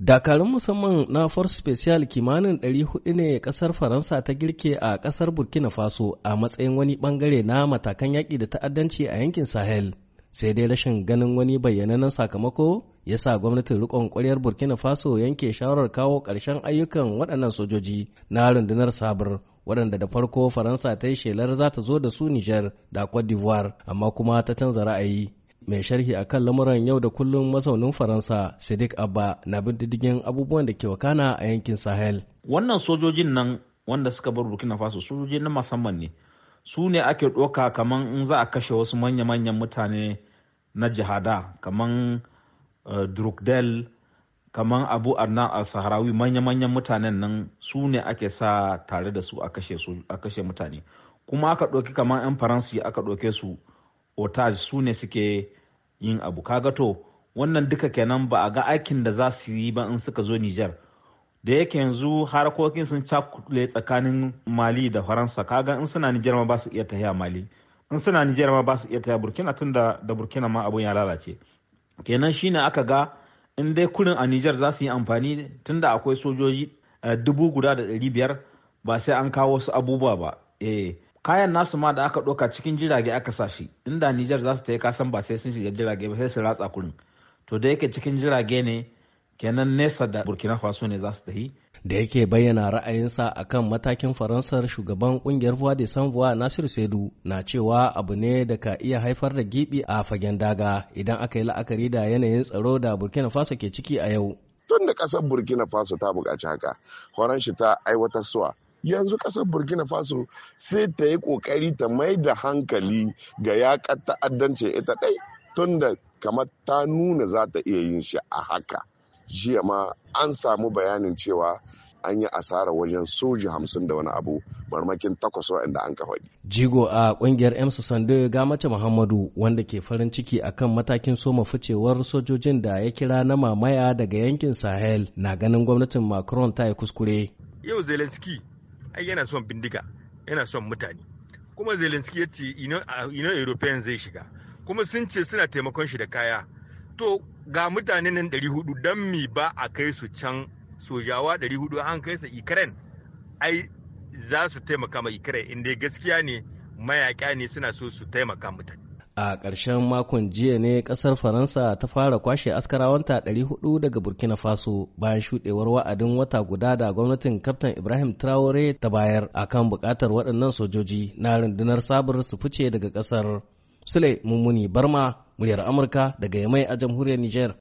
Dakarun musamman na Force Special kimanin 400 ne kasar Faransa ta girke a kasar Burkina Faso a matsayin wani bangare na matakan yaƙi da ta'addanci a yankin Sahel. Sai dai rashin ganin wani bayyananan sakamako ya sa gwamnatin rikon kwaryar Burkina Faso yanke shawarar kawo ƙarshen ayyukan waɗannan sojoji na rundunar sabur waɗanda da farko Faransa ta yi shelar za ta zo da su Niger da Cote d'Ivoire amma kuma ta canza ra'ayi. mai sharhi a kan lamuran yau da kullum masaunin faransa sadiq abba na bin diddigin abubuwan da ke wakana a yankin sahel wannan sojojin nan wanda suka bar burkina faso sojoji na musamman ne su ne ake ɗoka kaman in za a kashe wasu manya-manyan mutane na jihada kaman eh, drukdel kaman abu arna al saharawi manya-manyan mutanen nan su ne ake sa tare da su a kashe mutane kuma aka ɗauki kaman 'yan faransi aka ɗauke su otage su ne suke yin abu kaga to wannan duka kenan ba a ga aikin da za su yi ba in suka zo Nijar da yake yanzu harkokin sun cakule tsakanin Mali da Faransa kaga in suna Nijar ma ba su iya tafiya Mali in suna Nijar ma ba su iya tafiya Burkina tun da Burkina ma abun ya lalace kenan shine aka ga in dai kurin a Nijar za su yi amfani tunda akwai sojoji eh, dubu guda da ɗari biyar ba sai an kawo wasu abubuwa ba eh kayan nasu ma da aka ɗauka cikin jirage aka sa shi inda Nijar za su ta yi kasan ba sai sun shiga jirage ba sai su ratsa kurin to da yake cikin jirage ne kenan nesa da burkina faso ne za su ta yi. da yake bayyana ra'ayinsa akan matakin faransar shugaban kungiyar voix de san voix nasir sedu na cewa abu ne da ka iya haifar da gibi a fagen daga idan aka yi la'akari da yanayin tsaro da burkina faso ke ciki a yau tun da kasar burkina faso ta bukaci haka horon shi ta aiwatar suwa yanzu kasar burkina faso sai ta yi kokari ta mai da hankali ga yaƙar ta'addanci ita ɗai tun da kamar ta nuna za ta iya yin shi a haka jiya ma an samu bayanin cewa an yi asara wajen soja hamsin da wani abu marmakin takwas waɗanda an kafaɗi. Jigo a ƙungiyar M Sande ga mace Muhammadu wanda ke farin ciki akan matakin soma ficewar sojojin da ya kira na mamaya daga yankin Sahel na ganin gwamnatin Macron ta yi kuskure. Yau zelenski ai yana son bindiga yana son mutane kuma zelenski ya ce ino uh, european zai shiga kuma sun ce suna taimakon shi da kaya to ga mutane nan 400 don mi ba a kai su can sojawa 400 an kai su ukraine ai za su taimaka ma ukraine inda gaskiya ne mayaƙa ne suna so su taimaka mutane A ƙarshen makon jiya ne ƙasar Faransa ta fara kwashe askarawanta 400 daga Burkina Faso bayan shuɗewar wa'adin wata guda da gwamnatin Kaftan Ibrahim Traore ta bayar a kan buƙatar waɗannan sojoji na rundunar sabir su fice daga ƙasar. Sule Mummuni Barma, muryar Amurka daga Yamai a jamhuriyar Niger.